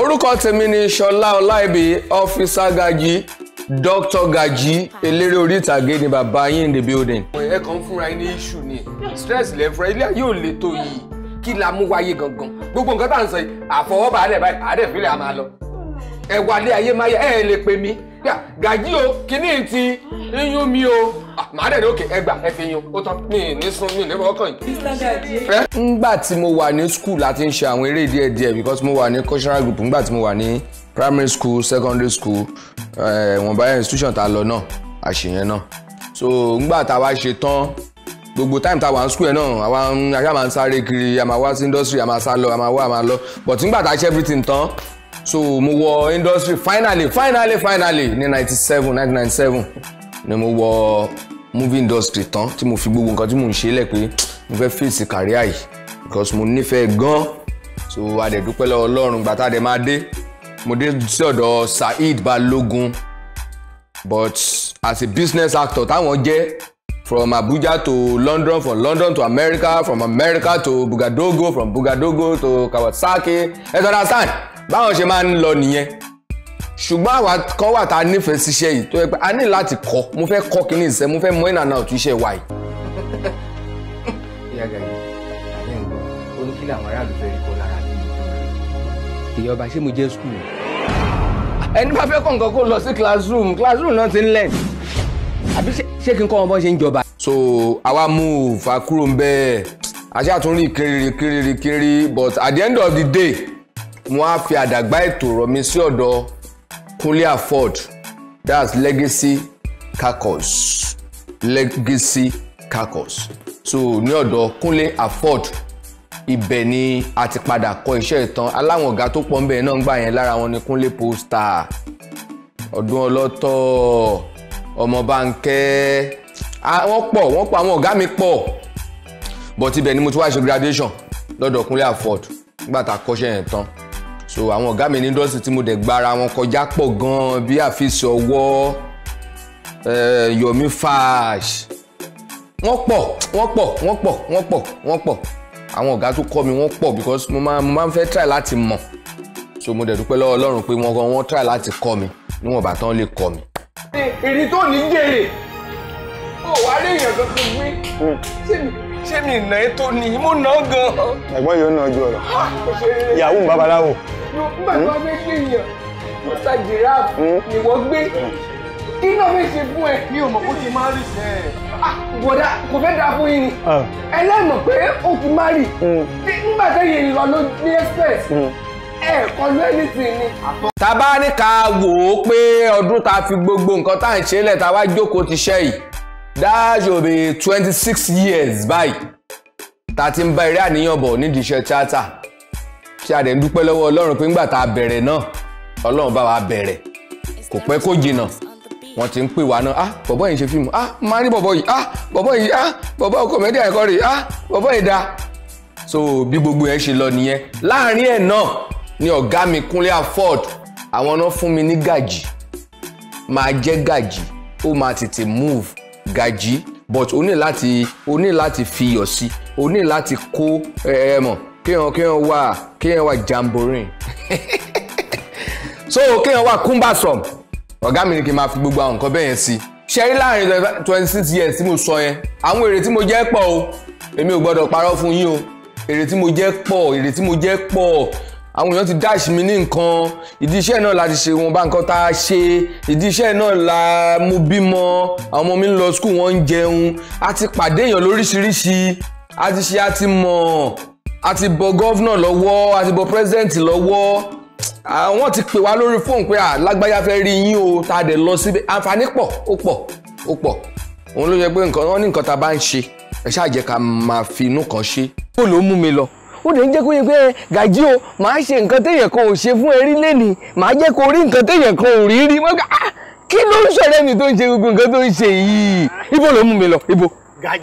orúkọ tèmi ni ṣọlá ọláìbí ọfíìsà gajì dr gajì eléré orí ìtàgé ni bàbá yín in the building. ẹ kàn ń fúnra yín ní iṣu ni stress lẹ fúnra ilé yóò le tó yìí kí la mú wáyé gangan gbogbo nǹkan tá à ń sọ yìí àfọwọ́bà àdẹ̀ báyìí àdẹ̀ fílẹ̀ àmà lọ ẹ̀wà lé ayé máyà ẹ̀ lè pè mí gàjí o kìíní ti iyún mi o ah, màá dẹ̀ lókè ẹgbà ẹ fi yun ó tán mi ní sun mi ní fọwọ́kàn yìí. ngbà tí mo wà ní school láti ń ṣe àwọn eré díẹ̀ díẹ̀ because mo wà ní cultural group ngbà tí mo wà ní primary school secondary school eh, ìwọ̀nba uh, institution tá a lọ náà àṣeyẹn náà so ngbà tá a wá ṣe tán gbogbo time tá wà ní school náà àwa àṣà máa ń sáré kiri àmà wá sí industry àmà sá lọ àmà wá àmà lọ but ngbà tá a ṣe everything tán so mo wọ industry finally finally finally ní ninety seven nineteen ninety seven ni mo wọ movie industry tán tí mo fi gbogbo nǹkan tí mo ń ṣe lẹ̀ pé mo fẹ́ fèsì kàríà yìí because mo nífẹ̀ẹ́ gan so adẹ̀dúpẹ́ lọ́wọ́ ọlọ́run gbàtà dẹ̀ máa dé mo dé sí ọ̀dọ̀ Saheed Balogun but as a business actor táwọn jẹ́ from Abuja to London from London to America from America to Bugadogo from Bugadogo to Kawasaki you understand báwọn ṣe máa ń lọ nìyẹn ṣùgbọ́n àwa kan wà tá a nífẹ̀ẹ́ síṣẹ́ yìí tó yẹ pé a ní láti kọ́ mo fẹ́ kọ́ kí ní ìṣe mo fẹ́ mọ ìnà náà iṣẹ́ wa yìí. ìyá gàdí àbẹ́ ń gbọ́ oní kí làwọn aráàlú fẹ́ rí kọ́ lára mi nìjọba. ìyá ọba ṣé mo jẹ́ skul. ẹni bá fẹ́ kọ́ nǹkan kó lọ sí classroom classroom náà ti ń lẹ̀ àbí ṣé kí n kọ́ wọn ṣe ń jọba. so àwa move, ìfà kúrò ń bẹ́ẹ̀ àṣà tún rí kiri kiri kiri but at the end of the day wọ́n á fi àdàgbà ètò rọ̀ mi sí ọ̀dọ̀ Kunle Afod that's Legacy Caucus Legacy Caucus so ní ọ̀dọ̀ Kunle afford ibẹ̀ ni a ti padà kọ iṣẹ́ ìtàn aláwọn ọ̀gá tó pọ̀ ń bẹ̀ náà ń gbà yẹn lára wọn ni Kunle Postar ọdún ọlọ́tọ̀ ọmọ Bánkẹ́ wọ́n pọ̀ wọ́n pọ̀ àwọn ọ̀gá mi pọ̀ but ibẹ̀ ni mo ti wá ṣe graduation lọ́dọ̀ Kunle Afod nígbà tá a kọ́ṣẹ́ yẹn tán so àwọn ọ̀gá mi ní industry tí mo dẹ̀ gbára wọn kọjá pọ̀ gan-an bí àfíìsì ọwọ́ Yomi Fash wọ́n pọ̀ wọ́n pọ̀ wọ́n pọ̀ wọ́n pọ̀ wọ́n pọ̀ àwọn ọ̀gá tó kọ́ mi wọ́n pọ̀ because mo máa mo máa ń fẹ́ try láti mọ̀ so mo dẹ̀ dúpẹ́ lọ́wọ́ Ọlọ́run pé wọ́n wọ́n try láti kọ́ mi níwọ̀n bá tán lè kọ́ mi. ìrì tó ní jèrè ó wà á lè yàn kankan gbé hmm. ṣé mi ìnà ètò ni mo ná gan. ẹ̀gbọ́n yóò ná ojú ọ̀rọ̀ ìyàwó ń babaláwo nígbà tó hmm? fẹ́ ṣe èèyàn tó sa giraffe hmm? ni wọ́n gbé hmm. kí náà fẹ́ ṣe fún ẹ. mi ò mọ̀ kó ti máa rí sẹ́ ẹ̀. Ah, bọ̀dà kò fẹ́ dáa fún yín ni ah. ẹlẹ́mọ̀ pé ó ti máa rí nígbà tẹ́yìn lọ ló ní express ẹ̀ẹ̀kan lóyún sí ni. tábà ní ká wò ó pé ọdún tá a fi gbogbo nǹkan tá à ń ṣe lẹ̀ tá a wá jókòó ti ṣẹ́ yìí dáàjò bíi twenty six years báyìí tá a ti ń bá eré àníyàn bọ̀ nídìí iṣẹ́ tíátà ṣe dúpẹ́ lọ́wọ́ ọlọ́run pé ńgbà tá a bẹ̀rẹ̀ náà ọlọ́run bá wa bẹ̀rẹ̀ kò pẹ́ kó jìnnà wọ́n ti ń pè wá náà ah bọ̀bọ̀ yìí ń ṣe fíìmù ah máa rí bọ̀bọ̀ yìí ah bọ̀bọ̀ yìí ah bọ̀bọ̀ kòmẹ́dì àìkọ́ rè ah bọ̀bọ̀ yìí da so bí gbogbo ẹ ṣe lọ nìyẹn láàrin ẹ̀ náà ni ọ̀gá mi Kúnlé Afọ́ọ̀d àwọn náà fún mi ní gàjì máa jẹ́ gàjì ó máa tètè move gàjì but o ní láti o ní láti fi iyọ̀ sí o ní láti kó ẹ ẹ mọ̀ kéèyàn kéèyàn wà kéèyàn wà jamborin so kéèyàn wà kúmbàsọm ọ̀gá mi ni kí n máa fi gbogbo àwọn nǹkan bẹ́ẹ̀ yẹn sí ṣe láàrin twenty six years tí mo sọ yẹn àwọn èrè tí mo jẹ́ pọ̀ o èmi ò gbọ́dọ̀ parọ́ fún yín o èrè tí mo jẹ́ pọ̀ èrè tí mo jẹ́ pọ̀ àwọn èèyàn ti dash mi ní nǹkan ìdí iṣẹ́ náà la ti ṣe wọn bá nǹkan tá a ṣe ìdí iṣẹ́ náà la mo bímọ àwọn ọmọ mi ń lọ skul wọn ń jẹun a ti pàdé èèyàn lóríṣiríṣi a ti ṣe a ti mọ̀ a ti bọ gọ́vnà lọ́wọ́ a ti bọ pírẹ́sìdẹ̀ǹtì lọ́wọ́ àwọn ti pè wá lórí fóònù pé lágbájá fẹ́ rí yín o tá a dẹ̀ lọ síbẹ̀ àǹfààní pọ̀ ó pọ̀ ó pọ̀ òun ló yẹ pé nǹkan wọn ní nǹkan tá bá ń ṣe ẹ ṣáà jẹ́ ká máa fi inú kan ṣe. ó ló mú mi lọ ó lè jẹ́ kó yẹ pé gàjí o màá ṣe nǹkan téèyàn kan ò ṣe fún ẹrí lẹ́nìí màá jẹ́ kó rí nǹkan téèyàn kan ò rí rí wọ́n gbà kí ló ń ṣọ̀rẹ́ mi tó ń ṣe gbogbo nǹkan tó ń ṣe yìí ibo ló mú mi lọ ibo.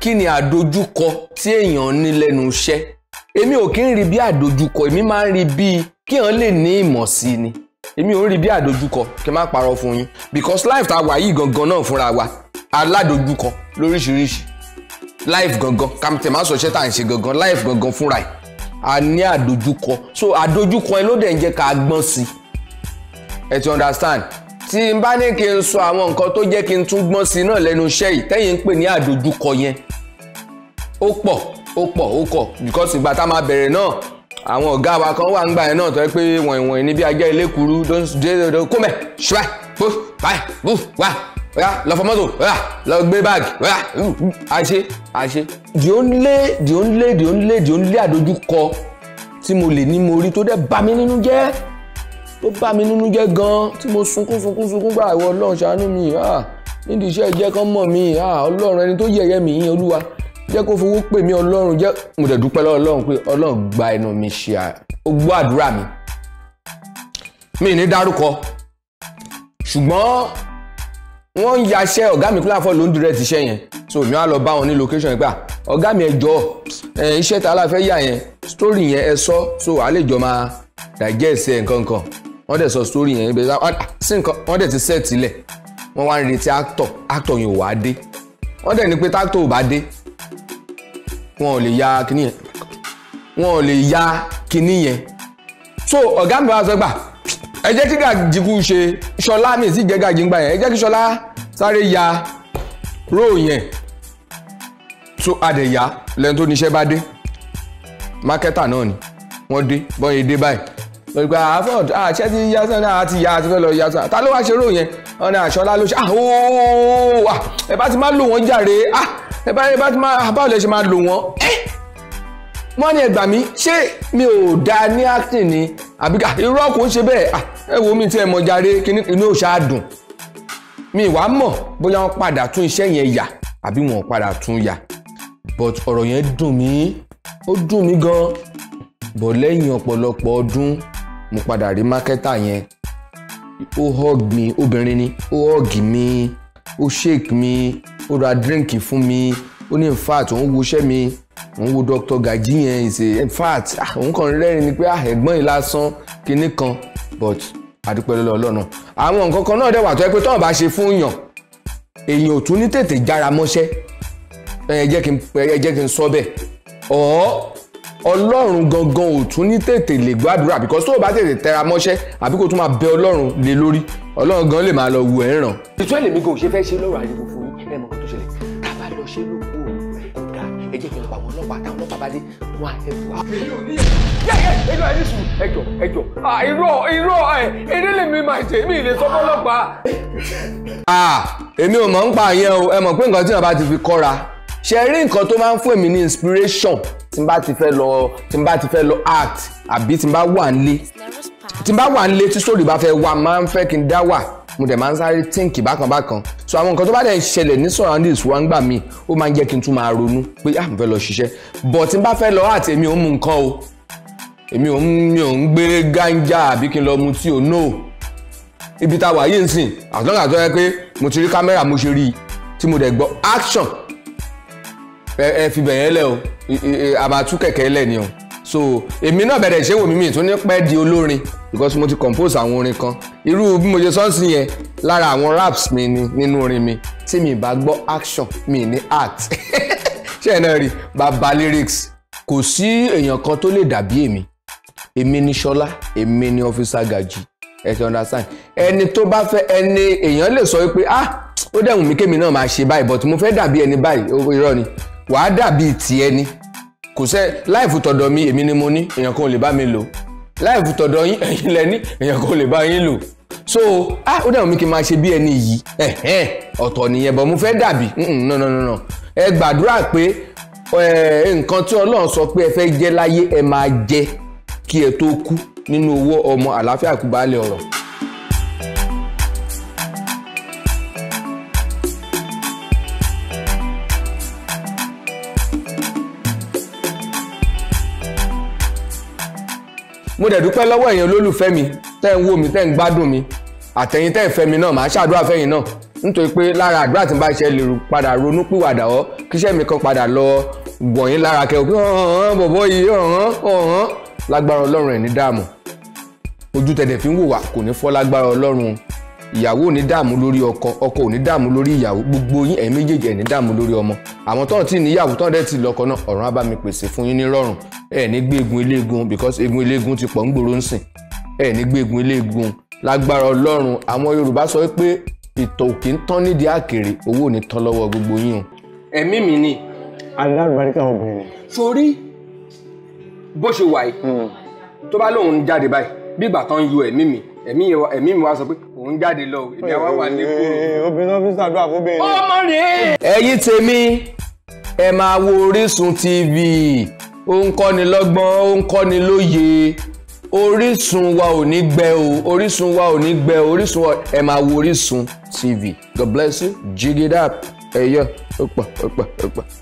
kí ni àdojúkọ tí èèyàn ní lẹ́nu iṣẹ́ èmi ò kí ń rí bí àdójúkọ èmi máa ń rí bí kí hàn lè ní ìmọ̀ sí ni èmi ò ń rí bí àdójúkọ kí n má parọ́ fún yín because life ta wà yìí gangan náà fúnra wa aládójúkọ lóríṣiríṣi life gangan kàmtẹ̀ má sọ iṣẹ́ tá à ń ṣe gangan life gangan fúnra ẹ̀ a ní àdójúkọ so àdójúkọ ẹ ló dẹ̀ ń jẹ́ ká gbọ́n sí i ẹ ti understand tí n bá ní kí n sọ àwọn nǹkan tó jẹ́ kí n tún gbọ́n sí i náà lẹ́nu iṣẹ́ yìí tẹ́yìn ń pè ní àdójúkọ yẹn ó pọ̀ ó pọ̀ ó kọ̀ because ìgbà tá a máa bẹ̀rẹ̀ náà àwọn ọ̀gá wa kan wà ń gbà yẹn náà tó yẹ pé wọ̀nyí wọ̀nyí níbi ajá ilé kuru kómẹ̀ ṣùgbà bó báyìí bó wà wà lọ fọ mọ́tò wà lọ gbé báàgì wà á ṣe á ṣe. the only the only the only the only àdójúkọ tí mo lè ní mo rí tó dẹ̀ bà mí nínú jẹ́ tó bà mí nínú jẹ́ gan-an tí mo sunkún sunkún sunkún gbà ìwọ ọlọ́run ṣàánú mi ah, nídìí iṣẹ́ ìjẹ́ kan mọ̀ mi ah, ọlọ́run ẹni tó yẹ̀yẹ́ mi yín olúwa jẹ́ kó fowó pè mí ọlọ́run jẹ́ mo dẹ̀ dúpẹ́ lọ́wọ́ ọlọ́run pé ọlọ́run gba ẹnu mi ṣe ó gbọ́ àdúrà mi mi ní dárúkọ ṣùgbọ́n wọ́n ń yaṣẹ́ ọ̀gá mi kúláfọ́ ló ń direct iṣẹ́ yẹn so mi á lọ bá wọn ní location yẹn pé ọ̀gá mi ẹ jọ iṣẹ́ ta la fẹ́ yà yẹn story yẹn ẹ sọ so a lè jọ máa digest ẹ̀ nǹkan kan wọ́n dẹ̀ sọ story yẹn ibẹ̀ sí nǹkan wọ́n dẹ̀ ti set ilẹ̀ wọ́n wá ń retí actor actor yẹn ò wá dé wọ́n dẹ̀ ní pé táàtò ò bá dé wọn ò lè ya kinní yẹn wọn ò lè ya kinní yẹn so ọ̀gá mi wá sọ gbà ẹ jẹ́ kí Gàjíkú ṣe ṣọlá mi sì jẹ́ Gàjígbà yẹn ẹ jẹ́ kí ṣọlá sáré ya róò yẹn so adẹ̀yà lẹ́nu tó níṣẹ́ bá dé mákẹ́tà náà ni wọ́n dé bọ́n yẹn dé báyìí lórí pé àfọ̀d àṣẹ ti yá sọ́nà àti ìyá àti fẹ́ lọ yá sọ́nà ta ló wá ṣe róò yẹn ọ̀nà àṣọlá ló ṣe ah ooo ẹ bá ti máa lò wọ́n jàre ah ẹ bá ẹ bá ti máa báwo lẹ ṣe máa lò wọ́n ẹ́ wọ́n ní ẹgbà mi ṣé mi ò dáa ní acting ni àbí ká irọ́ kò ń ṣe bẹ́ẹ̀ ẹ wo mi tí ẹ mọ jàre kíní inú òòṣà dùn mi ìwà mọ̀ bóyá wọ́n padà tún iṣẹ́ yẹn yà àbí wọ́n padà tún yà but ọ̀rọ̀ yẹn dùn mí ó dùn mí gan bọ̀ lẹ́yìn ọ̀pọ̀lọpọ̀ ọdún mo padà rí mákẹ́tà yẹn ó hug mi obìnrin ni ó hug mi ó shake mi ó ra dírìnkì fún mi ó ní in fact òun woṣẹ́ mi òun wo Dr. Gaji yẹn ṣe in fact ah, òun kàn rẹ́rìn ni pé ah, ẹ̀gbọ́n yìí lásán kinní kan but àdúpẹ́ lọ́lọ́ ọlọ́run àwọn nǹkan kan náà dẹ̀ wà tó yẹ pé tọ́wọ́n bá ṣe fún yàn èèyàn ò tún ní tètè jára mọ́ṣẹ́ ẹ jẹ́ kí n sọ bẹ́ẹ̀ ọ̀ọ́ ọlọ́run gangan ò tún ní tètè lè gbàdúrà because tó o bá tètè tẹra mọ́ṣẹ́ àbí kó tún máa bẹ ọlọ́run lé lórí ọlọ́run gan lè máa lọ wù ẹ́ ràn. ìtú ẹ̀lẹ́mí gan ò ṣe fẹ́ ṣe lọ́rọ̀ àyẹ̀wò fún yín ẹ̀ mọ̀ kó tó ṣẹlẹ̀ tá a bá lọ ṣe lóko ọ̀gá ẹ jẹ́ kí n pa àwọn ọlọ́pàá táwọn ọlọ́pàá bá dé wọn á ẹ̀fọ́. ẹjọ́ ẹni sùn ẹjọ́ ẹjọ́ irọ́ irọ́ ẹ̀ eré lèmi máa ṣe mí ìlẹ̀ sọ́kọ́ ọlọ́pàá. èmi ò mọ̀ ń pa àyẹ̀ o ẹ mọ̀ pé nǹkan tí wọn bá ti fi kọ́ra ṣe rí nǹkan tó máa ń fún èmi ní inspiration tí n bá ti fẹ́ lọ tí n bá ti fẹ́ lọ act àbí tí n bá wà nílé tí n bá wà nílé tí sóòlì bá fẹ́ wà máa ń fẹ́ kí n dá wà mo dẹ̀ máa ń sáré tíǹkì bákan bákan so àwọn nǹkan tó bá dẹ̀ ṣẹlẹ̀ ní surroundings wa ń gbà mí ó máa ń jẹ́ kí n tún máa ronú pé à ah, mo fẹ́ lọ ṣiṣẹ́ but tí n bá fẹ́ lọ àti èmi ò ń mu nǹkan o èmi ò ń ò ń gbé gánjà àbí kí n lọ mu tí o no ibi tá a wà yìí ń sìn àtúntò àtúntò yẹ pé mo ti rí kámẹ́rà mo ṣe rí i tí mo dẹ̀ gbọ́ action ẹ fi bẹ̀yẹn lẹ̀ o àbàtú kẹ̀kẹ́ lẹ̀ ni o so èmi náà bẹ̀rẹ̀ ṣé wò mí mi tún ní pẹ́ di olórin because mo ti compose àwọn orin kan irú bí mo ṣe sọ́ọ̀sì yẹn lára àwọn raps mi ni nínú orin mi tí mi bá gbọ́ action mi ní art ṣé ẹ náà rí baba lyrics kò sí èèyàn kan tó lè dàbí èmi èmi ni Ṣọlá èmi ni Officer Gaji ẹ ti understand ẹni tó bá fẹ́ ẹni èèyàn lè sọ pé ah ó dẹ̀ wù mí kémi náà máa ṣe báyìí but mo fẹ́ dàbí ẹni báyìí irọ́ ni wàá dàbí tiẹ̀ ni kò sẹ́ láìfù tọ̀dọ̀ mi èmi ni mo ní èèyàn kan ò lè bá mi lò láìfù tọ̀dọ̀ yín ẹ̀yin lẹ ní èèyàn kan ò lè bá yín lò so ah ó dàbí mi kí n máa ṣe bí ẹni yìí ẹ̀hẹ́n ọ̀tọ̀ nìyẹn bọ̀ mo fẹ́ dàbí no no no no ẹ gbàdúrà pé nǹkan tí ọlọ́run sọ pé ẹ fẹ́ jẹ́ láyé ẹ máa jẹ kí ẹ tó kú nínú owó ọmọ àlàáfíà kú baálé ọ̀rọ̀. mo dẹ̀ dúpẹ́ lọ́wọ́ ẹ̀yin olólùfẹ́ mi tẹ́ ń wò mí tẹ́ ń gbádùn mi àtẹ̀yin tẹ́ ń fẹ́ mi náà màá ṣàdúrà fẹ́yìn náà nítorí pé lára àdúrà tí n bá ṣe lè padà ronú pìwàdà ọ́ kíṣẹ́ mi kan padà lọ wọ̀nyí lára kẹ́ pé ọ̀hán bọ̀bọ̀ yìí ọ̀hán ọ̀hán lágbára ọlọ́run ẹ̀ ní dààmú ojú tẹ̀dẹ̀ fi ń wò wá kò ní fọ́ lágbára ọlọ́run ìyàwó ò ní dààmú lórí ọkọ ọkọ ò ní dààmú lórí ìyàwó gbogbo yín ẹ̀yin méjèèjì ẹ̀ ní dààmú lórí ọmọ àwọn tọ́n tí níyàwó tọ́n dẹ̀ ti lọ́kọ náà ọ̀run á bá mi pèsè fún yín ní rọ̀rùn ẹ ní gbé egun eléegun because egun eléegun ti pọ̀ ń gbòòrò ń sìn ẹ ní gbé egun eléegun lágbára ọlọ́run àwọn yorùbá sọ pé ìtọ̀ òkè ń tán nídìí àkèrè owó ní tán lọ́wọ́ gbogbo yín o. ẹ̀mí mi ni. alárùbáríkà obìnrin. sórí bó ṣe wà yìí hmm. tó bá lóun jáde báyìí bí ìgbà tán yọ ẹ̀mí mi ẹ̀mí mi wá sọ pé òun jáde lọ èmi àwa wà ní kúrò. Eh, obìnrin náà fi ṣàdúrà fún bẹ́ẹ̀ ni. ọmọ rẹ̀. ẹ̀yin tèmi ẹ máa wo Orísun TV ó ń kọ́ni lọ́gbọ́n ó ń kọ́ni lóye orísun wa ò ní gbẹ o orísun wa ò ní gbẹ o orísun wa ẹ máa wo orísun tv god bless you jig it up ẹ yọ ó pọ̀ ó pọ̀ ó pọ̀.